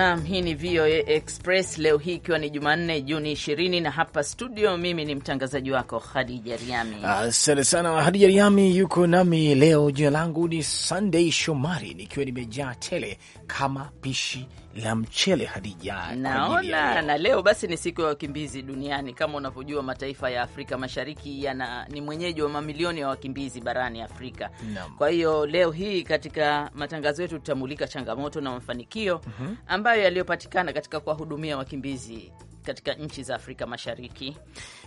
Naam, hii ni VOA Express leo hii ikiwa ni Jumanne Juni 20, na hapa studio mimi ni mtangazaji wako Hadija Riami. Asante sana Hadija Riami yuko nami leo. Jina langu ni Sunday Shomari nikiwa nimejaa tele kama pishi la mchele Hadija. Naona na leo basi ni siku ya wakimbizi duniani. Kama unavyojua, mataifa ya Afrika Mashariki yana ni mwenyeji wa mamilioni ya wakimbizi barani Afrika na. Kwa hiyo leo hii katika matangazo yetu tutamulika changamoto na mafanikio mm -hmm. ambayo yaliyopatikana katika kuwahudumia wakimbizi katika nchi za Afrika Mashariki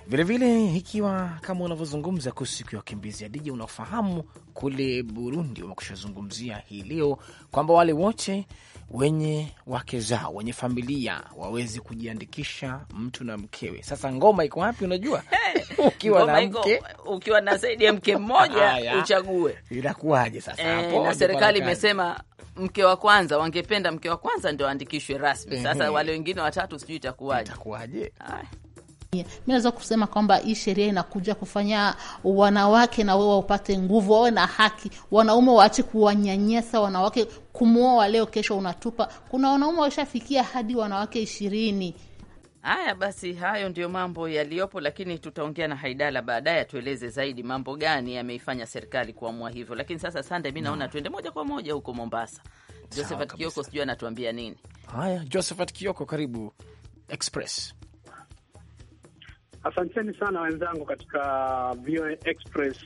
vilevile, ikiwa kama unavyozungumza kuhusu siku ya wakimbizi, adiji unafahamu kule Burundi wamekushazungumzia hii leo kwamba wale wote wenye wake zao wenye familia waweze kujiandikisha, mtu na mkewe. Sasa ngoma iko wapi? Unajua, ukiwa na mke, ukiwa na zaidi ya mke mmoja uchague, inakuwaje sasa eh, hapo? Na serikali imesema mke wa kwanza, wangependa mke wa kwanza ndio aandikishwe rasmi. Sasa wale wengine watatu, sijui itakuwaje, itakuwaje? Mi naweza kusema kwamba hii sheria inakuja kufanya wanawake na wao wapate nguvu, wawe na haki, wanaume waache kuwanyanyasa wanawake, kumwoa leo, kesho unatupa. Kuna wanaume washafikia hadi wanawake ishirini. Haya basi, hayo ndiyo mambo yaliyopo, lakini tutaongea na Haidala baadaye atueleze zaidi mambo gani yameifanya serikali kuamua hivyo. Lakini sasa, Sande, mi naona no. tuende moja kwa moja huko Mombasa. Josephat Kioko sijui anatuambia nini. Haya, Josephat Kioko, karibu Express. Asanteni sana wenzangu katika VOA Express,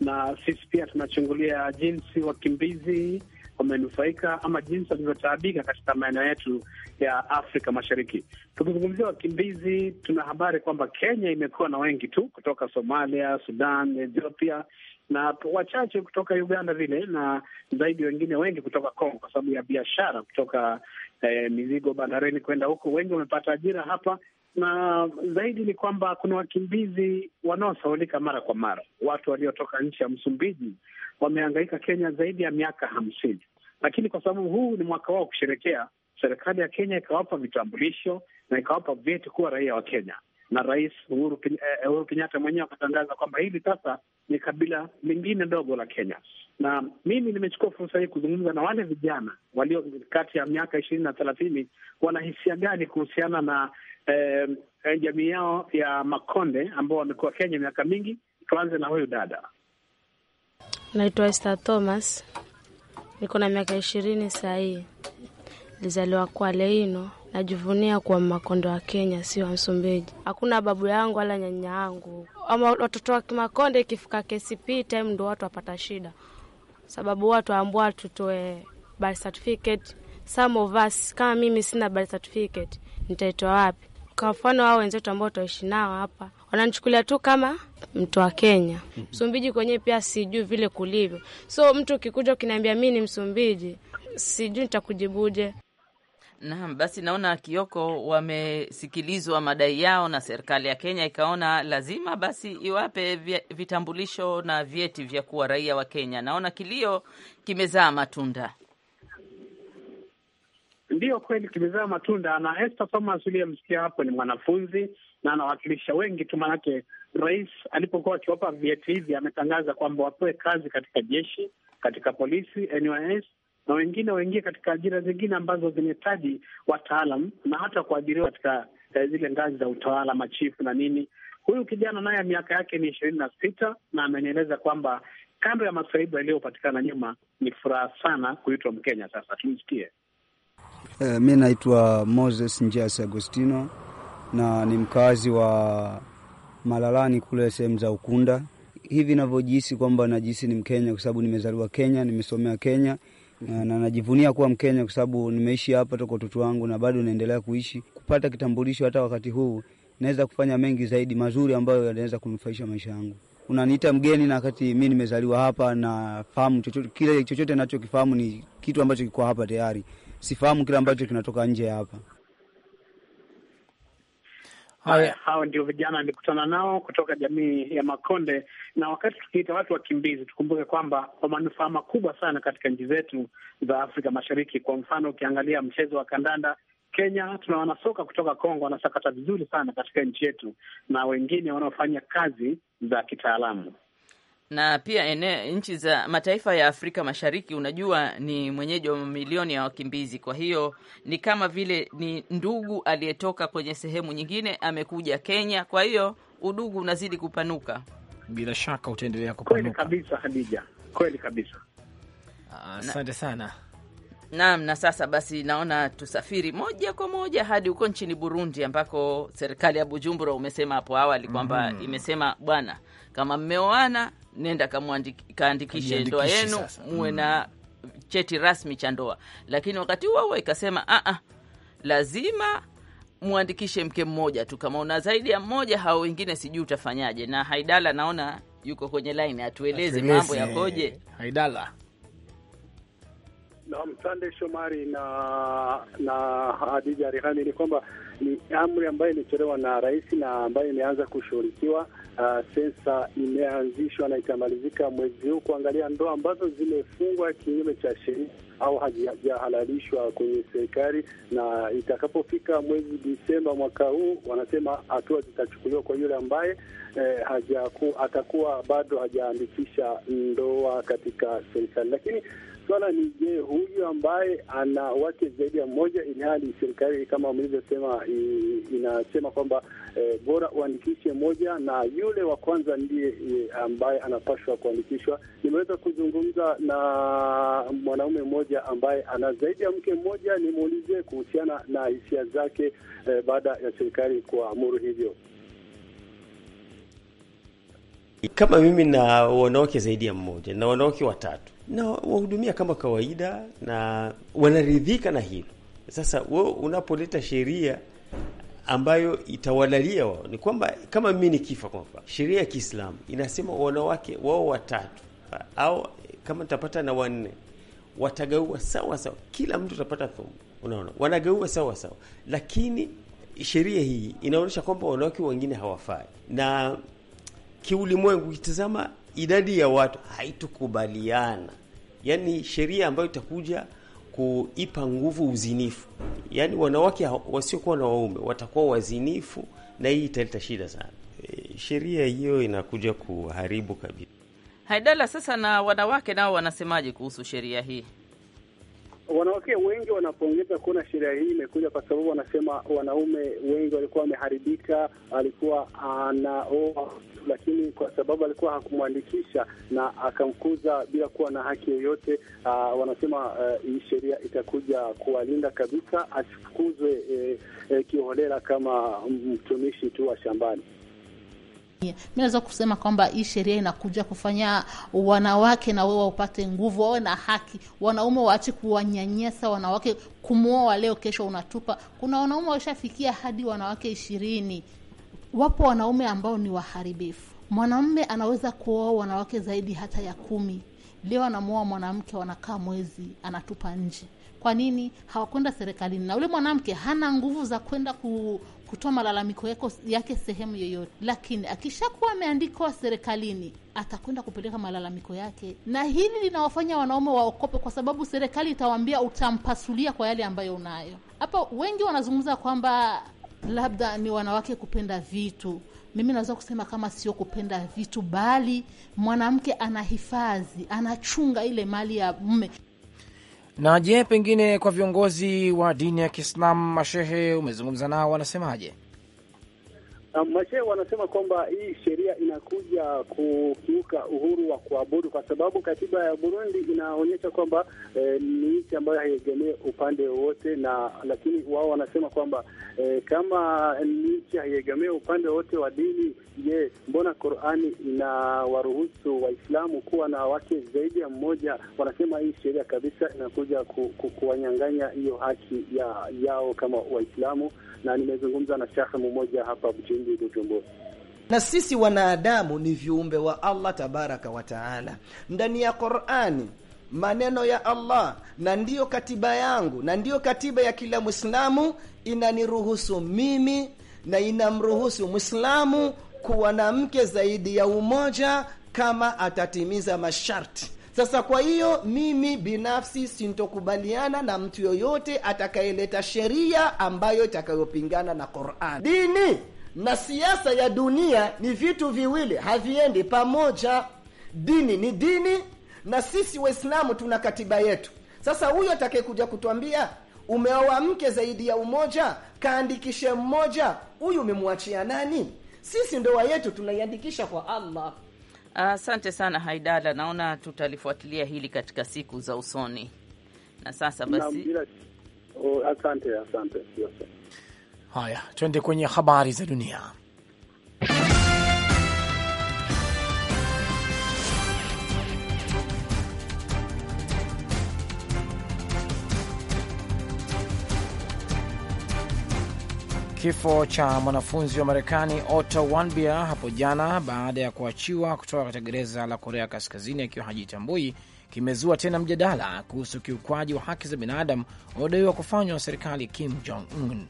na sisi pia tunachungulia jinsi wakimbizi wamenufaika ama jinsi walivyotaabika katika maeneo yetu ya Afrika Mashariki. Tukizungumzia wakimbizi, tuna habari kwamba Kenya imekuwa na wengi tu kutoka Somalia, Sudan, Ethiopia na wachache kutoka Uganda vile na zaidi wengine wengi kutoka Kongo kwa sababu ya biashara kutoka eh, mizigo bandarini kwenda huko. Wengi wamepata ajira hapa na zaidi ni kwamba kuna wakimbizi wanaosaulika mara kwa mara. Watu waliotoka nchi ya Msumbiji wameangaika Kenya zaidi ya miaka hamsini, lakini kwa sababu huu ni mwaka wao kusherekea, serikali ya Kenya ikawapa vitambulisho na ikawapa vyeti kuwa raia wa Kenya na Rais Uhuru, eh, eh, Uhuru Kenyatta mwenyewe akatangaza kwamba hili sasa ni kabila lingine dogo la Kenya. Na mimi nimechukua fursa hii kuzungumza na wale vijana walio kati ya miaka ishirini na thelathini, wanahisia gani kuhusiana na eh, eh, jamii yao ya Makonde ambao wamekuwa Kenya miaka mingi. Tuanze na huyu dada. Naitwa Esther Thomas, niko na miaka ishirini sahii, nilizaliwa kwa Leino Najivunia kwa Makondo wa Kenya, sio wa Msumbiji. Hakuna babu yangu wala nyanya yangu ama watoto wa Kimakonde. Ikifika KCP time ndo watu wapata shida, sababu watu ambao tutoe birth certificate. Some of us kama mimi sina birth certificate, nitaitoa wapi? Kwa mfano hao wenzetu ambao tutaishi nao hapa wananichukulia tu kama mtu wa Kenya. Msumbiji kwenyewe pia sijui vile kulivyo, so mtu ukikuja ukiniambia mi ni Msumbiji, sijui nitakujibuje. Naam, basi naona Kioko, wamesikilizwa madai yao na serikali ya Kenya ikaona lazima basi iwape vitambulisho na vyeti vya kuwa raia wa Kenya. Naona kilio kimezaa matunda. Ndiyo kweli kimezaa matunda, na Esther Thomas uliyemsikia hapo ni mwanafunzi na anawakilisha wengi tu, maanake rais alipokuwa akiwapa vyeti hivi ametangaza kwamba wapewe kazi katika jeshi, katika polisi, NYS na wengine waingie katika ajira zingine ambazo zinahitaji wataalam na hata kuajiriwa katika eh, zile ngazi za utawala, machifu na nini. Huyu kijana naye miaka yake ni ishirini na sita na amenieleza kwamba kando ya masaibu yaliyopatikana nyuma, ni furaha sana kuitwa Mkenya. Sasa tumsikie. Eh, mi naitwa Moses Njias Agostino na ni mkazi wa Malalani kule sehemu za Ukunda. Hivi navyojihisi kwamba najihisi ni Mkenya kwa sababu nimezaliwa Kenya, nimesomea Kenya na najivunia kuwa Mkenya kwa sababu nimeishi hapa toka utoto wangu na bado naendelea kuishi. Kupata kitambulisho hata wakati huu naweza kufanya mengi zaidi mazuri ambayo yanaweza kunufaisha maisha yangu. Unaniita mgeni na wakati mi nimezaliwa hapa, nafahamu chochote kile, chochote nachokifahamu ni kitu ambacho kiko hapa tayari. Sifahamu kile ambacho kinatoka nje hapa. Haya, hawa ndio vijana nilikutana nao kutoka jamii ya Makonde. Na wakati tukiita watu wakimbizi, tukumbuke kwamba kwa manufaa makubwa sana katika nchi zetu za Afrika Mashariki. Kwa mfano, ukiangalia mchezo wa kandanda Kenya, tuna wanasoka kutoka Kongo wanasakata vizuri sana katika nchi yetu, na wengine wanaofanya kazi za kitaalamu na pia ene, nchi za mataifa ya Afrika Mashariki unajua ni mwenyeji wa mamilioni ya wakimbizi. Kwa hiyo ni kama vile ni ndugu aliyetoka kwenye sehemu nyingine amekuja Kenya, kwa hiyo udugu unazidi kupanuka. Bila shaka utaendelea kupanuka. Kweli kabisa, Hadija, kweli kabisa. Asante sana. Naam, na sasa basi naona tusafiri moja kwa moja hadi huko nchini Burundi ambako serikali ya Bujumbura umesema hapo awali kwamba mm -hmm. imesema bwana, kama mmeoana nenda kaandikishe ndoa yenu muwe mhm. na mm -hmm. cheti rasmi cha ndoa, lakini wakati huo huo ikasema a ah, a, ah, lazima mwandikishe mke mmoja tu, kama una zaidi ya mmoja hao wengine sijui utafanyaje. Na Haidala naona yuko kwenye laini atueleze mambo yakoje. Haidala. Naam, sande Shomari na na Hadija Rihani, ni kwamba ni amri ambayo ilitolewa na rais na ambayo imeanza kushughulikiwa. Uh, sensa imeanzishwa na itamalizika mwezi huu kuangalia ndoa ambazo zimefungwa kinyume cha sheria au hajahalalishwa kwenye serikali, na itakapofika mwezi Disemba mwaka huu, wanasema hatua zitachukuliwa kwa yule ambaye eh, hajaku, atakuwa bado hajaandikisha ndoa katika serikali, lakini Swala ni je, huyu ambaye ana wake zaidi ya mmoja, ili hali serikali kama mlivyosema inasema kwamba e, bora uandikishe moja na yule wa kwanza ndiye e, ambaye anapashwa kuandikishwa. Nimeweza kuzungumza na mwanaume mmoja ambaye ana zaidi ya mke mmoja, nimuulize kuhusiana na hisia zake e, baada ya serikali kuamuru hivyo. Kama mimi na wanawake zaidi ya mmoja na wanawake watatu na wahudumia kama kawaida, na wanaridhika na hilo. Sasa wewe unapoleta sheria ambayo itawalalia wao, ni kwamba kama mimi nikifa, kwa mfano, sheria ya Kiislamu inasema wanawake wao watatu au kama nitapata na wanne watagaua sawa sawa, kila mtu atapata thumbu. Unaona, wanagaua sawa sawa, lakini sheria hii inaonyesha kwamba wanawake wengine hawafai, na kiulimwengu kitazama, idadi ya watu haitukubaliana yani sheria ambayo itakuja kuipa nguvu uzinifu, yani wanawake wasiokuwa na waume watakuwa wazinifu, na hii italeta shida sana. Eh, sheria hiyo inakuja kuharibu kabisa Haidala. Sasa na wanawake nao wanasemaje kuhusu sheria hii? Wanawake wengi wanapongeza kuona sheria hii imekuja, kwa sababu wanasema wanaume wengi walikuwa wameharibika, alikuwa anaoa lakini kwa sababu alikuwa hakumwandikisha na akamkuza bila kuwa na haki yoyote. Uh, wanasema uh, hii sheria itakuja kuwalinda kabisa, asifukuzwe eh, eh, kiholela kama mtumishi tu wa shambani. Mi naweza kusema kwamba hii sheria inakuja kufanya wanawake na wao upate nguvu, wawe na haki, wanaume waache kuwanyanyasa wanawake, kumwoa leo, kesho unatupa. Kuna wanaume washafikia hadi wanawake ishirini. Wapo wanaume ambao ni waharibifu. Mwanaume anaweza kuoa wanawake zaidi hata ya kumi. Leo anamuoa mwanamke, wanakaa mwezi, anatupa nje. Kwa nini hawakwenda serikalini? Na ule mwanamke hana nguvu za kwenda ku kutoa malalamiko yako yake sehemu yoyote, lakini akishakuwa ameandikwa serikalini atakwenda kupeleka malalamiko yake, na hili linawafanya wanaume waokope, kwa sababu serikali itawaambia utampasulia kwa yale ambayo unayo. Hapa wengi wanazungumza kwamba labda ni wanawake kupenda vitu. Mimi naweza kusema kama sio kupenda vitu, bali mwanamke anahifadhi, anachunga ile mali ya mume. Na je, pengine kwa viongozi wa dini ya Kiislamu, mashehe umezungumza nao, wanasemaje? Mashehe wanasema kwamba hii sheria inakuja kukiuka uhuru wa kuabudu, kwa sababu katiba ya Burundi inaonyesha kwamba e, ni nchi ambayo haiegemee upande wowote, na lakini wao wanasema kwamba e, kama nchi haiegemee upande wowote wa dini, je, mbona Qurani inawaruhusu Waislamu kuwa na wake zaidi ya mmoja? Wanasema hii sheria kabisa inakuja ku, ku, kuwanyang'anya hiyo haki ya, yao kama Waislamu na nimezungumza na shekhe mmoja hapa Bujumbura, Bujumbura. Na sisi wanadamu ni viumbe wa Allah tabaraka wa taala, ndani ya Qur'ani maneno ya Allah na ndiyo katiba yangu na ndiyo katiba ya kila Mwislamu, inaniruhusu mimi na inamruhusu Mwislamu kuwa na mke zaidi ya umoja kama atatimiza masharti sasa kwa hiyo mimi binafsi sintokubaliana na mtu yoyote atakayeleta sheria ambayo itakayopingana na Qur'an. Dini na siasa ya dunia ni vitu viwili, haviendi pamoja. Dini ni dini, na sisi Waislamu tuna katiba yetu. Sasa huyo atakayekuja kutwambia umeoa mke zaidi ya umoja, kaandikishe mmoja, huyu umemwachia nani? Sisi ndoa yetu tunaiandikisha kwa Allah. Asante uh, sana Haidala, naona tutalifuatilia hili katika siku za usoni. Na sasa basi, oh, asante asante. Haya, twende kwenye habari za dunia. Kifo cha mwanafunzi wa Marekani Otto Warmbier hapo jana baada ya kuachiwa kutoka katika gereza la Korea Kaskazini akiwa hajitambui kimezua tena mjadala kuhusu kiukwaji wa haki za binadamu unaodaiwa kufanywa na serikali Kim Jong Un.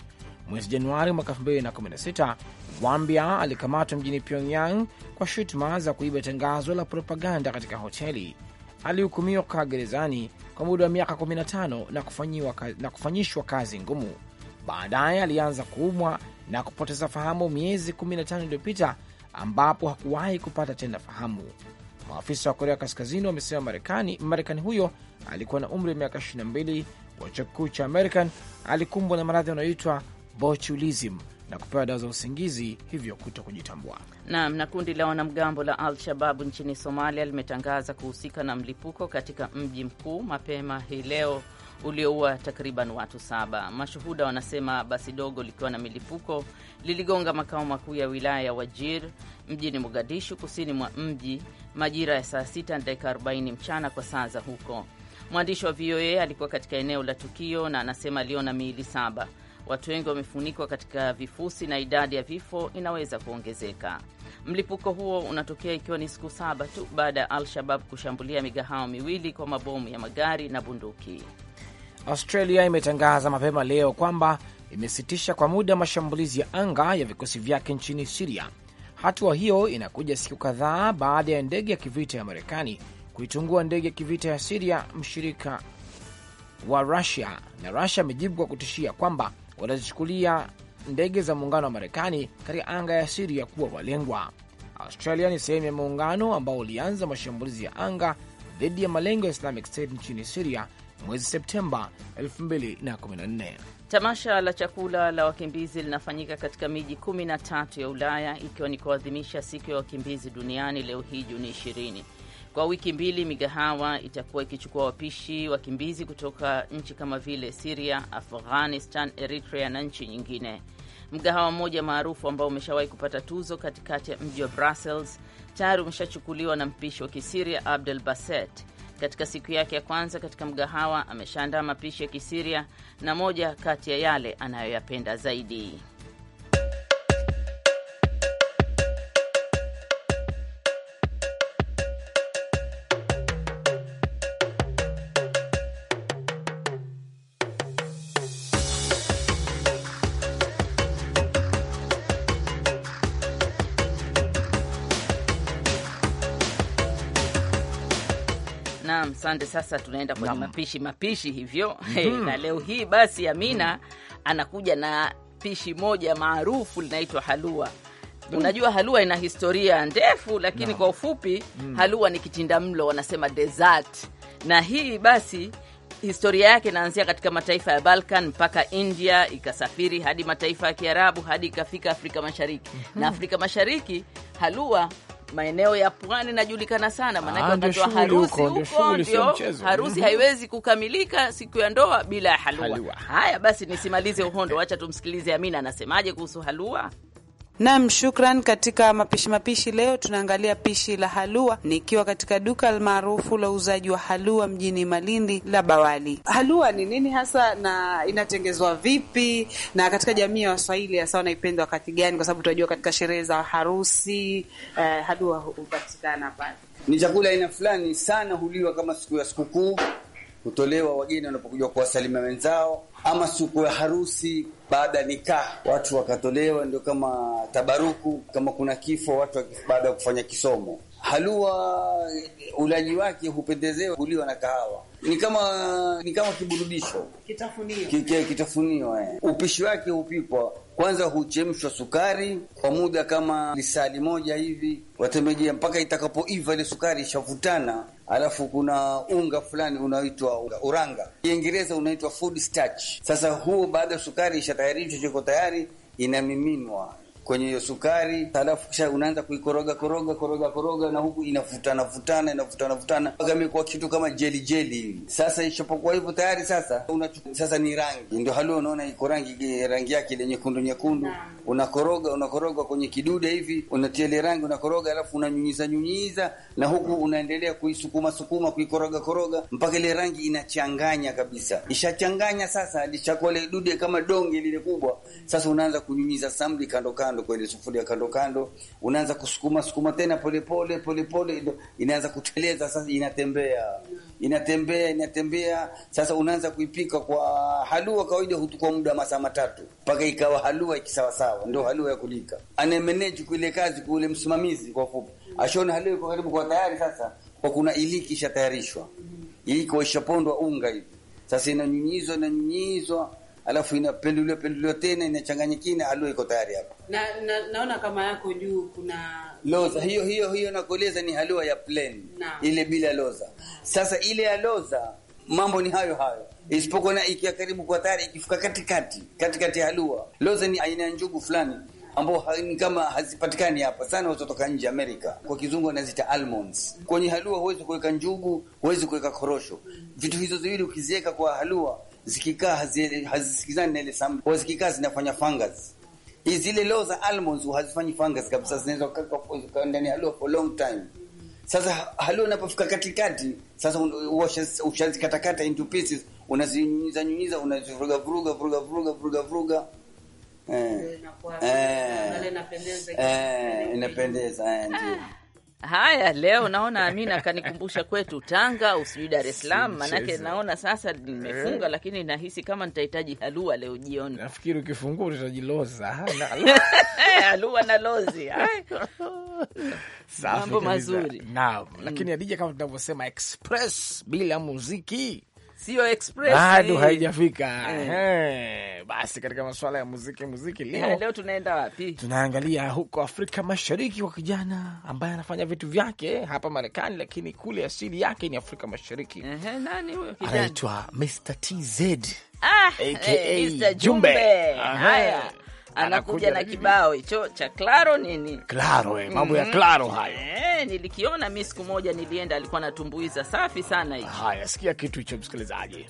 Mwezi Januari mwaka 2016 Wambia alikamatwa mjini Pyongyang kwa shutuma za kuiba tangazo la propaganda katika hoteli. Alihukumiwa kukaa gerezani kwa muda wa miaka 15 na kufanyishwa kazi ngumu. Baadaye alianza kuumwa na kupoteza fahamu miezi 15 iliyopita, ambapo hakuwahi kupata tena fahamu. Maafisa wa Korea Kaskazini wamesema Marekani Marekani huyo alikuwa na umri wa miaka 22 wa chuo kikuu cha American alikumbwa na maradhi yanayoitwa botulism na kupewa dawa za usingizi hivyo kuto kujitambua. Naam. Na kundi la wanamgambo la Al Shababu nchini Somalia limetangaza kuhusika na mlipuko katika mji mkuu mapema hii leo ulioua takriban watu saba. Mashuhuda wanasema basi dogo likiwa na milipuko liligonga makao makuu ya wilaya ya Wajir mjini Mogadishu, kusini mwa mji, majira ya saa sita na dakika arobaini mchana kwa saa za huko. Mwandishi wa VOA alikuwa katika eneo la tukio na anasema aliona miili saba. Watu wengi wamefunikwa katika vifusi na idadi ya vifo inaweza kuongezeka. Mlipuko huo unatokea ikiwa ni siku saba tu baada ya Al-Shabab kushambulia migahawa miwili kwa mabomu ya magari na bunduki. Australia imetangaza mapema leo kwamba imesitisha kwa muda mashambulizi ya anga ya vikosi vyake nchini Siria. Hatua hiyo inakuja siku kadhaa baada ya ndege ya kivita ya Marekani kuitungua ndege ya kivita ya Siria, mshirika wa Rusia, na Rusia amejibu kwa kutishia kwamba watazichukulia ndege za muungano wa Marekani katika anga ya Siria kuwa walengwa. Australia ni sehemu ya muungano ambao ulianza mashambulizi ya anga dhidi ya malengo ya Islamic State nchini Siria mwezi Septemba 2014. Tamasha la chakula la wakimbizi linafanyika katika miji 13 ya Ulaya ikiwa ni kuadhimisha siku ya wakimbizi duniani leo hii Juni 20. Kwa wiki mbili migahawa itakuwa ikichukua wapishi wakimbizi kutoka nchi kama vile Siria, Afghanistan, Eritrea na nchi nyingine. Mgahawa mmoja maarufu ambao umeshawahi kupata tuzo katikati ya mji wa Brussels tayari umeshachukuliwa na mpishi wa Kisiria Abdel Baset katika siku yake ya kwanza katika mgahawa ameshaandaa mapishi ya Kisiria na moja kati ya yale anayoyapenda zaidi. Sande, sasa tunaenda kwenye mapishi mapishi hivyo. mm -hmm. na leo hii basi Amina mm -hmm. anakuja na pishi moja maarufu linaitwa halua. Mm. Unajua halua ina historia ndefu, lakini no. kwa ufupi mm. halua ni kitinda mlo wanasema dessert, na hii basi historia yake inaanzia katika mataifa ya Balkan mpaka India, ikasafiri hadi mataifa ya Kiarabu hadi ikafika Afrika Mashariki. mm -hmm. na mhm. Afrika Mashariki halua maeneo ya pwani najulikana sana, maanake ah, wakati wa harusi huko ndio harusi mhm. haiwezi kukamilika siku ya ndoa bila ya halua. Haya basi, nisimalize uhondo, wacha tumsikilize Amina anasemaje kuhusu halua. Nam shukran. Katika mapishi mapishi leo tunaangalia pishi la halua, nikiwa katika duka maarufu la uuzaji wa halua mjini Malindi la Bawali. Halua ni nini hasa na inatengezwa vipi, na katika jamii ya Waswahili hasa wanaipenda wakati gani? Kwa sababu tunajua katika sherehe za harusi eh, halua hupatikana pale. Ni chakula aina fulani sana, huliwa kama siku ya sikukuu, hutolewa wageni wanapokuja kuwasalimia wenzao ama siku ya harusi, baada ya nikah watu wakatolewa, ndio kama tabaruku. Kama kuna kifo, watu baada ya kufanya kisomo. Halua ulaji wake hupendezewa kuliwa na kahawa, ni kama ni kama kiburudisho, kitafunio, kitafunio eh. Upishi wake hupipwa kwanza, huchemshwa sukari kwa muda kama lisali moja hivi, watemejia mpaka itakapoiva ile sukari ishavutana alafu kuna unga fulani unaoitwa uranga, Kiingereza unaitwa food starch. Sasa huo baada ya sukari ishatayarishwa, chiko tayari, inamiminwa kwenye hiyo sukari, halafu kisha unaanza kuikoroga koroga koroga koroga, na huku inafutana futana inafutana futana mpaka imekuwa kitu kama jeli jeli hivi. Sasa ishapokuwa hivyo tayari, sasa unachukua sasa ni rangi, ndio halio, unaona iko rangi eh, rangi yake ile nyekundu nyekundu, unakoroga unakoroga kwenye kidude hivi, unatia ile rangi unakoroga, alafu unanyunyiza nyunyiza, na huku unaendelea kuisukuma sukuma kuikoroga koroga mpaka ile rangi inachanganya kabisa. Ishachanganya sasa, lishakuwa ile dude kama donge lile kubwa. Sasa unaanza kunyunyiza samli kando kando kando kwa ile sufuria kando kando, unaanza kusukuma sukuma tena polepole polepole pole, inaanza kuteleza sasa, inatembea inatembea inatembea. Sasa unaanza kuipika kwa halua, kawaida hutukua muda masaa matatu mpaka ikawa halua ikisawasawa, ndio halua ya kulika. Anamanage kuile kazi kuile msimamizi, kwa fupi ashone halua iko karibu kwa tayari sasa, kwa kuna iliki ishatayarishwa, iliki waishapondwa unga hivi, sasa inanyunyizwa inanyunyizwa alafu inapenduliwa penduliwa tena inachanganyikina, alo iko tayari hapa na, na, naona kama yako juu kuna loza hiyo hiyo hiyo, nakueleza ni halua ya plain ile bila loza. Sasa ile ya loza mambo ni hayo hayo, isipokuwa na ikia karibu kwa tayari, ikifika katikati katikati ya halua loza, ni aina ya njugu fulani ambao ni kama hazipatikani hapa sana, wazotoka nje Amerika. Kwa kizungu wanazita almonds. Kwenye halua huwezi kuweka njugu, huwezi kuweka korosho. Vitu hizo ziwili ukiziweka kwa halua zikikaa hazisikizani na ile samli, kwa zikikaa zinafanya fungus. Hizi Zile leo za almonds hazifanyi fungus kabisa, zinaweza kukaa kwa ndani ya law for long time. Sasa halua unapofika katikati sasa, ushazikatakata into pieces, unazinyunyiza nyunyiza, unazivuruga vuruga vuruga vuruga vuruga vuruga, eh, eh. eh, inapendeza eh, inapendeza, ndio. Ah. Haya, leo naona Amina kanikumbusha kwetu Tanga, usijui Dar es Salaam, manake naona sasa nimefunga, eh. lakini nahisi kama nitahitaji halua leo jioni. Nafikiri ukifungua utajiloza halua na lozi. Mambo mazuri naam, mm. lakini Adija, kama tunavyosema express bila muziki sio express bado eh. haijafika. Eh, basi katika masuala ya muziki muziki leo, yeah, leo tunaenda wapi? Tunaangalia huko Afrika Mashariki kwa kijana ambaye anafanya vitu vyake hapa Marekani, lakini kule asili yake ni Afrika Mashariki. Eh, nani huyo kijana? Anaitwa Mr TZ. Ah, aka eh, Mr Jumbe. Haya anakuja na kibao hicho cha Claro nini, Claro eh, mambo ya Claro hayo eh, nilikiona mimi siku moja, nilienda, alikuwa anatumbuiza safi sana hicho. Haya, sikia kitu hicho msikilizaji.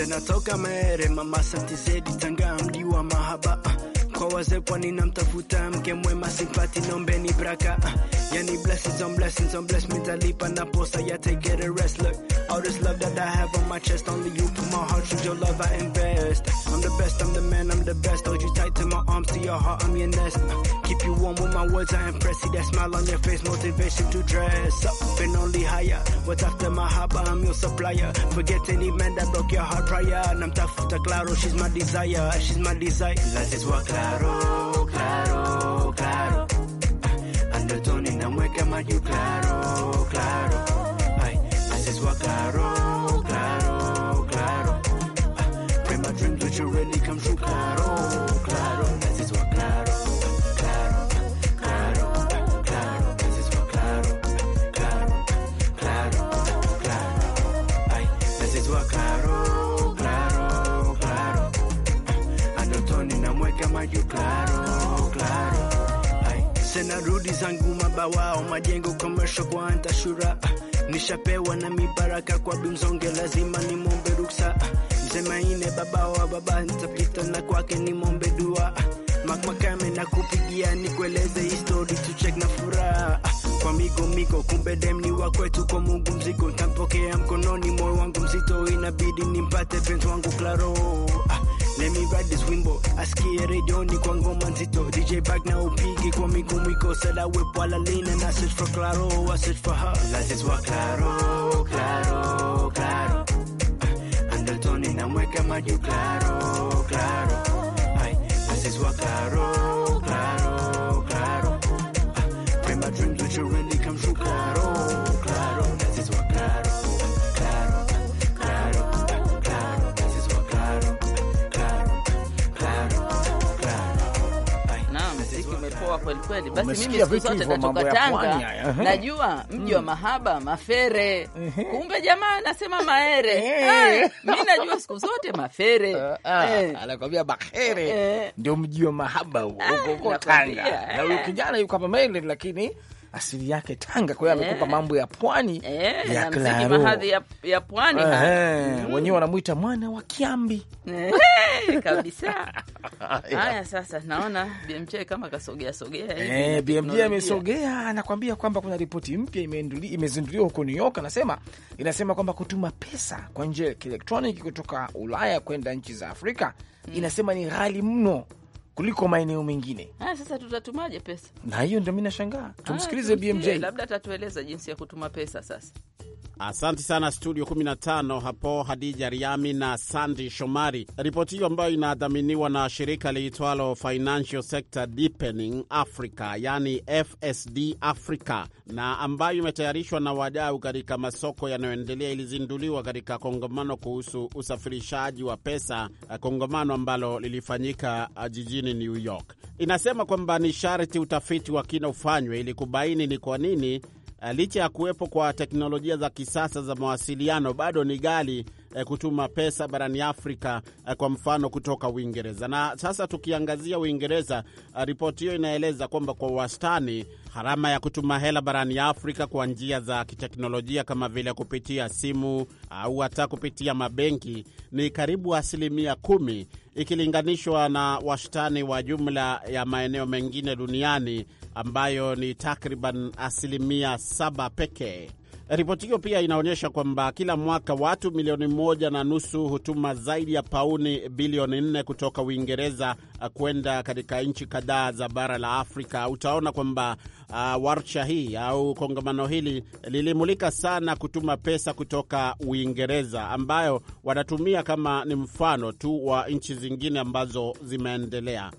tena toka mere mama santi zedi tanga mdi wa mahaba ah, kwa wazee kwani namtafuta mke mwema simpati nombeni braka ah, yani blessings on blessings on bless me talipa na posa ya take get a rest look all this love that I have on my chest only you put my heart through your love I invest I'm the best, I'm the man, I'm the best. Hold you tight to my arms, to your heart, I'm your nest. Uh, keep you warm with my words, I impress. See that smile on your face, motivation to dress up and only higher. What's after my heart, I'm your supplier. Forget any man that broke your heart prior. And I'm tough to Claro, she's my desire, she's my desire. just deswa claro, claro, claro. I'm waking my new claro, claro. Ay, la deswa claro. Yo nikamshuka claro, maju zangu mabawao majengo kwa masho kwa antashura nishapewa na mibaraka kwa bimzonge, lazima mombe ruksa mzee baba wa baba, nitapita na kwake mombe dua makmakame na kupigia nikueleze histori tuchek na furaha kwa miko miko, kumbe dem ni wa kwetu, kwa Mungu mziko ntampokea mkononi, moyo wangu mzito, inabidi nimpate penzi wangu Claro. Let me ride this wimbo, asikie redioni kwa ngoma nzito. DJ bag na upigi kwa mikumiko, sada wepo ala lean and search for Claro, I search for her. Lazis wa Claro, Claro, Claro. Ah, Andalton inamweka maji Claro, Claro. Ay, Lazis wa Claro, Claro, Claro. Pray ah, my dreams, let your really come true, Claro. poa kweli kweli. Basi mimi siku zote natoka Tanga, najua mji wa mm. mahaba mafere, kumbe jamaa anasema maere. Mimi najua siku zote mafere, ah, ah, eh. anakwambia bahere, eh. ndio mji wa mahaba ah, huko Tanga, na huyo eh. kijana yuko hapa Maryland lakini asili yake Tanga, kwa hiyo amekupa eh. mambo ya pwani eh, ya klaro ya, ya pwani mm. Wenyewe wanamwita mwana wa Kiambi eh, kabisa. Haya, sasa naona BMJ kama kasogea sogea hivi. BMJ amesogea, anakwambia kwamba kuna ripoti mpya imezinduliwa huko New York, anasema inasema kwamba kutuma pesa kwa njia ya kielektroniki kutoka Ulaya kwenda nchi za Afrika mm. inasema ni ghali mno kuliko maeneo mengine. Haya, sasa tutatumaje pesa? Na hiyo ndio mi nashangaa. Ah, Tumsikilize BMJ, labda atatueleza jinsi ya kutuma pesa. Sasa asante sana studio 15 hapo Hadija Riami na Sandi Shomari. Ripoti hiyo ambayo inadhaminiwa na shirika liitwalo Financial Sector Deepening Africa, yani FSD Africa, na ambayo imetayarishwa na wadau katika masoko yanayoendelea, ilizinduliwa katika kongamano kuhusu usafirishaji wa pesa, kongamano ambalo lilifanyika uh, jijini mjini New York. Inasema kwamba ni sharti utafiti wa kina ufanywe ili kubaini ni kwa nini eh, licha ya kuwepo kwa teknolojia za kisasa za mawasiliano bado ni ghali eh, kutuma pesa barani Afrika, eh, kwa mfano kutoka Uingereza. Na sasa tukiangazia Uingereza, ripoti hiyo inaeleza kwamba kwa wastani Gharama ya kutuma hela barani Afrika kwa njia za kiteknolojia kama vile kupitia simu au hata kupitia mabenki ni karibu asilimia kumi ikilinganishwa na washtani wa jumla ya maeneo mengine duniani ambayo ni takriban asilimia saba pekee. Ripoti hiyo pia inaonyesha kwamba kila mwaka watu milioni moja na nusu hutuma zaidi ya pauni bilioni nne kutoka Uingereza uh, kwenda katika nchi kadhaa za bara la Afrika. Utaona kwamba uh, warsha hii au kongamano hili lilimulika sana kutuma pesa kutoka Uingereza, ambayo wanatumia kama ni mfano tu wa nchi zingine ambazo zimeendelea.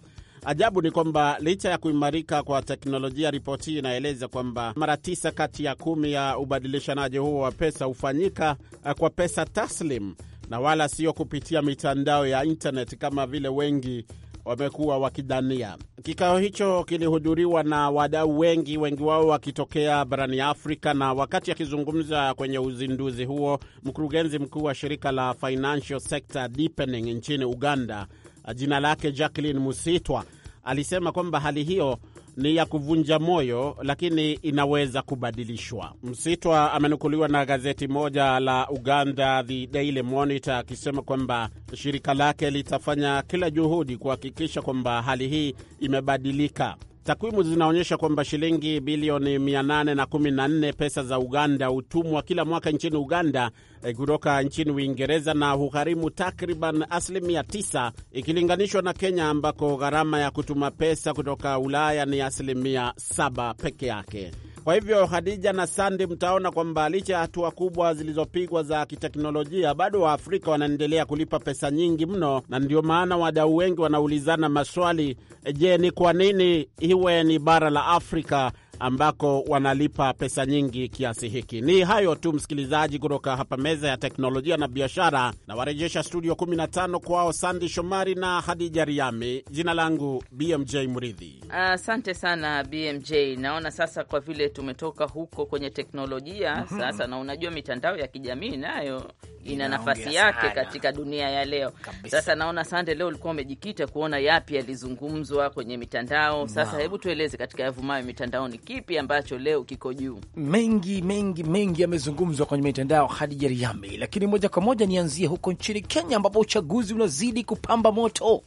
Ajabu ni kwamba licha ya kuimarika kwa teknolojia, ripoti hii inaeleza kwamba mara tisa kati ya kumi ya ubadilishanaji huo wa pesa hufanyika eh, kwa pesa taslim na wala sio kupitia mitandao ya intaneti kama vile wengi wamekuwa wakidhania. Kikao hicho kilihudhuriwa na wadau wengi, wengi wao wakitokea barani Afrika. Na wakati akizungumza kwenye uzinduzi huo, mkurugenzi mkuu wa shirika la Financial Sector Deepening nchini Uganda jina lake Jacqueline Musitwa, alisema kwamba hali hiyo ni ya kuvunja moyo, lakini inaweza kubadilishwa. Msitwa amenukuliwa na gazeti moja la Uganda, The Daily Monitor, akisema kwamba shirika lake litafanya kila juhudi kuhakikisha kwamba hali hii imebadilika. Takwimu zinaonyesha kwamba shilingi bilioni 814 pesa za Uganda hutumwa kila mwaka nchini Uganda E, kutoka nchini Uingereza na hugharimu takriban asilimia 9 ikilinganishwa na Kenya ambako gharama ya kutuma pesa kutoka Ulaya ni asilimia 7 peke yake. Kwa hivyo hadija na Sandi, mtaona kwamba licha ya hatua kubwa zilizopigwa za kiteknolojia, bado Waafrika wanaendelea kulipa pesa nyingi mno, na ndio maana wadau wengi wanaulizana maswali. Je, ni kwa nini iwe ni bara la Afrika ambako wanalipa pesa nyingi kiasi hiki. Ni hayo tu, msikilizaji, kutoka hapa meza ya teknolojia na biashara, na warejesha studio 15 kwao Sandi Shomari na Hadija Riami. Jina langu BMJ Mridhi. Asante uh, sana BMJ. Naona sasa kwa vile tumetoka huko kwenye teknolojia mm -hmm. Sasa na unajua mitandao ya kijamii nayo ina nafasi yake sana katika dunia ya leo kabisa. Sasa naona Sande, leo ulikuwa umejikita kuona yapi yalizungumzwa kwenye mitandao. Sasa hebu tueleze katika yavumayo mitandaoni kipi ambacho leo kiko juu? Mengi mengi mengi yamezungumzwa kwenye mitandao, Hadija Riami, lakini moja kwa moja nianzie huko nchini Kenya ambapo uchaguzi unazidi kupamba moto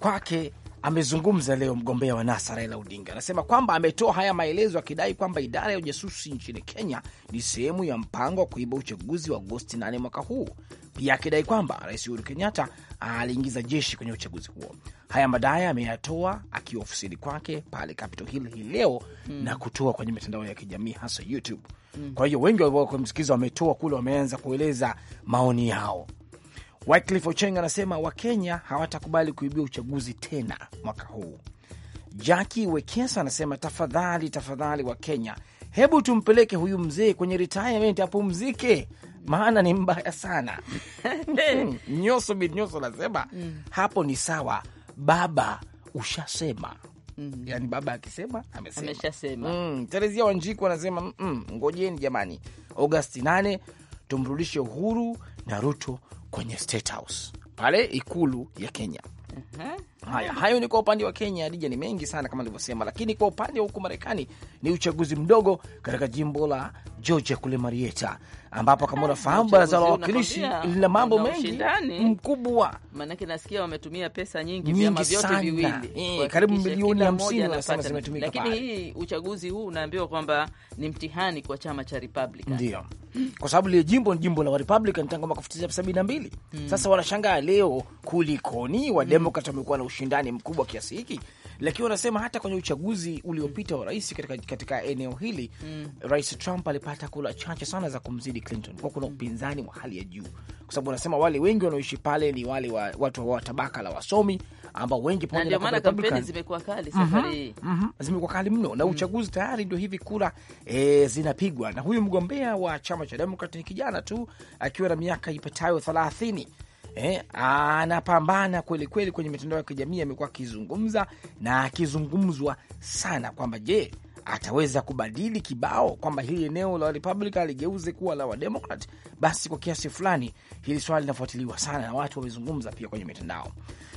kwake. Amezungumza leo mgombea wa NASA Raila Odinga, anasema kwamba ametoa haya maelezo akidai kwamba idara ya ujasusi nchini Kenya ni sehemu ya mpango wa kuiba uchaguzi wa Agosti 8 mwaka huu, pia akidai kwamba Rais Uhuru Kenyatta aliingiza jeshi kwenye uchaguzi huo. Haya madai ameyatoa akiwa ofisini kwake pale Capitol Hill hii leo mm. na kutoa kwenye mitandao ya kijamii hasa YouTube mm. kwa hiyo wengi walikuwa kumsikiza wametoa kule, wameanza kueleza maoni yao. Wycliffe Ocheng anasema Wakenya hawatakubali kuibia uchaguzi tena mwaka huu. Jaki Wekesa anasema tafadhali, tafadhali Wakenya, hebu tumpeleke huyu mzee kwenye retirement apumzike, maana ni mbaya sana. Nyoso binyoso nasema mm. hapo ni sawa, baba ushasema Mm. Yani, baba akisema amesema, ameshasema. Mm. Terezia Wanjiku anasema mm -mm, ngojeni jamani, Agosti nane tumrudishe Uhuru na Ruto kwenye State House pale ikulu ya Kenya. uh -huh. Haya, hayo ni kwa upande wa Kenya. Adija, ni mengi sana kama nilivyosema, lakini kwa upande wa huku Marekani ni uchaguzi mdogo katika jimbo la Georgia kule Marietta, ambapo kama unafahamu baraza la wawakilishi lina mambo mengi mkubwa, maanake nasikia wametumia pesa nyingi, vyama vyote viwili eh, karibu milioni hamsini wanasema zimetumika. Lakini hii uchaguzi huu unaambiwa kwamba ni mtihani kwa chama cha Republican, ndio kwa sababu lile jimbo ni jimbo la wa tangu mwaka 1972. Hmm. Sasa wanashangaa leo kulikoni wademokrat hmm. wamekuwa na ushindani mkubwa kiasi hiki, lakini wanasema hata kwenye uchaguzi uliopita wa rais katika, katika eneo hili mm. Rais Trump alipata kura chache sana za kumzidi Clinton kwa kuna mm. upinzani wa hali ya juu, kwa sababu wanasema wale wengi wanaoishi pale ni wale wa, watu wa tabaka la wasomi ambao wengi pamoja na kampeni zimekuwa kali mhm, safari, mm -hmm. zimekuwa kali mno na mm. uchaguzi tayari ndio hivi kura e, zinapigwa na huyu mgombea wa chama cha Demokrat ni kijana tu akiwa na miaka ipatayo thelathini eh, anapambana kweli kweli kwenye mitandao ya kijamii, amekuwa akizungumza na akizungumzwa sana kwamba je, ataweza kubadili kibao kwamba hili eneo la Republican ligeuze kuwa la Wademokrat? Basi kwa kiasi fulani hili swali linafuatiliwa sana na watu wamezungumza pia kwenye mitandao.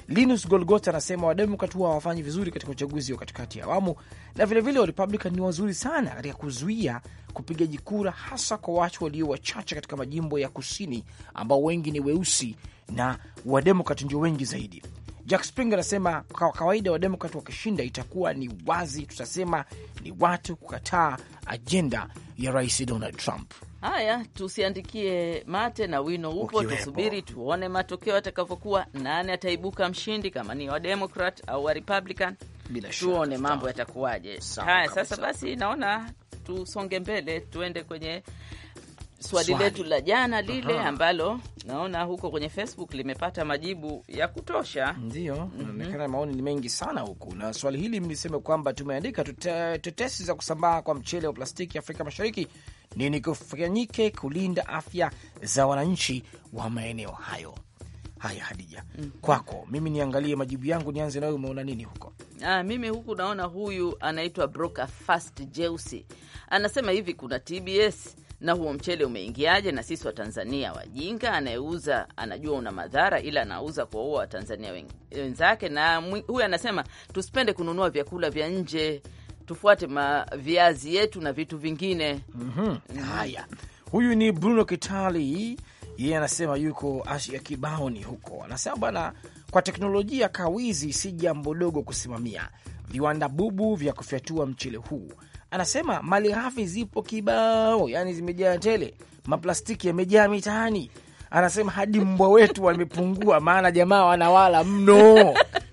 Linus Golgota anasema Wademokrat huwa hawafanyi vizuri katika uchaguzi wa katikati ya awamu, na vilevile Warepublican ni wazuri sana katika kuzuia kupigaji kura, hasa kwa watu walio wachache katika majimbo ya kusini ambao wengi ni weusi na Wademokrat ndio wengi zaidi. Jack Springer anasema kwa kawaida Wademokrat wakishinda itakuwa ni wazi, tutasema ni watu kukataa ajenda ya Rais Donald Trump. Haya, tusiandikie mate na wino upo, tusubiri tuone matokeo yatakavyokuwa, nani ataibuka mshindi, kama ni Wademokrat au Warepublican, tuone mambo yatakuwaje. Haya, sasa basi, naona tusonge mbele, tuende kwenye swali letu la jana lile Aha. ambalo naona huko kwenye Facebook limepata majibu ya kutosha, ndio inaonekana. Mhm. mm -hmm. Maoni ni mengi sana huku, na swali hili mlisema kwamba tumeandika tete, tetesi za kusambaa kwa mchele wa plastiki Afrika Mashariki nini kufanyike kulinda afya za wananchi wa maeneo hayo. Haya, Hadija, mm -hmm. Kwako mimi niangalie majibu yangu, nianze nawe. Umeona nini huko? Aa, ah, mimi huku naona huyu anaitwa Broka Fast Jeusi anasema hivi, kuna TBS na huo mchele umeingiaje? Na sisi Watanzania wajinga, anayeuza anajua una madhara, ila anauza kwa ua Watanzania wenzake. Na huyu anasema tusipende kununua vyakula vya nje tufuate maviazi yetu na vitu vingine. mm -hmm. Haya, huyu ni Bruno Kitali, yeye anasema yuko Asia Kibaoni huko, anasema bwana, kwa teknolojia kawizi si jambo dogo kusimamia viwanda bubu vya kufyatua mchele huu. Anasema mali ghafi zipo kibao, yani zimejaa tele, maplastiki yamejaa mitaani. Anasema hadi mbwa wetu wamepungua, maana jamaa wanawala mno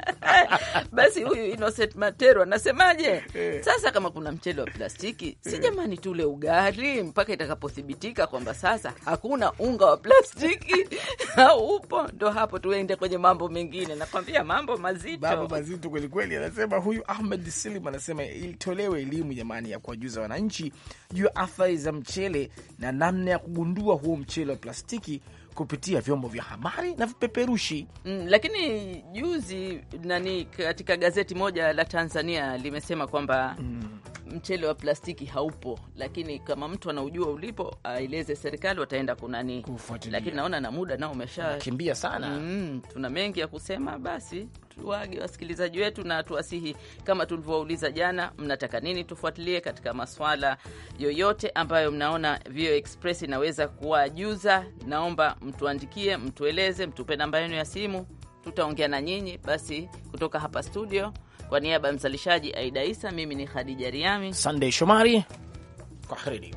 Basi huyu Innocent Matero anasemaje? Eh. Sasa kama kuna mchele wa plastiki, eh. si jamani, tule ugali mpaka itakapothibitika kwamba sasa hakuna unga wa plastiki haupo, upo, ndo hapo tuende kwenye mambo mengine. Nakwambia mambo mazito, mambo mazito kwelikweli. Anasema huyu Ahmed Silim, anasema itolewe elimu jamani, ya kuwajuza wananchi juu ya athari za mchele na namna ya kugundua huo mchele wa plastiki kupitia vyombo vya habari na vipeperushi mm. Lakini juzi nani, katika gazeti moja la Tanzania limesema kwamba mm mchele wa plastiki haupo, lakini kama mtu anaujua ulipo aeleze serikali, wataenda kunani kufuatilia. Lakini naona na muda nao umeshakimbia sana. Mm, tuna mengi ya kusema, basi tuwage wasikilizaji wetu na tuwasihi, kama tulivyowauliza jana, mnataka nini tufuatilie katika maswala yoyote ambayo mnaona Vio Express inaweza kuwajuza. Naomba mtuandikie, mtueleze, mtupe namba yenu ya simu, tutaongea na nyinyi. Basi kutoka hapa studio kwa niaba ya mzalishaji Aida Isa, mimi ni Khadija Riami, Sunday Shomari, kwaherini.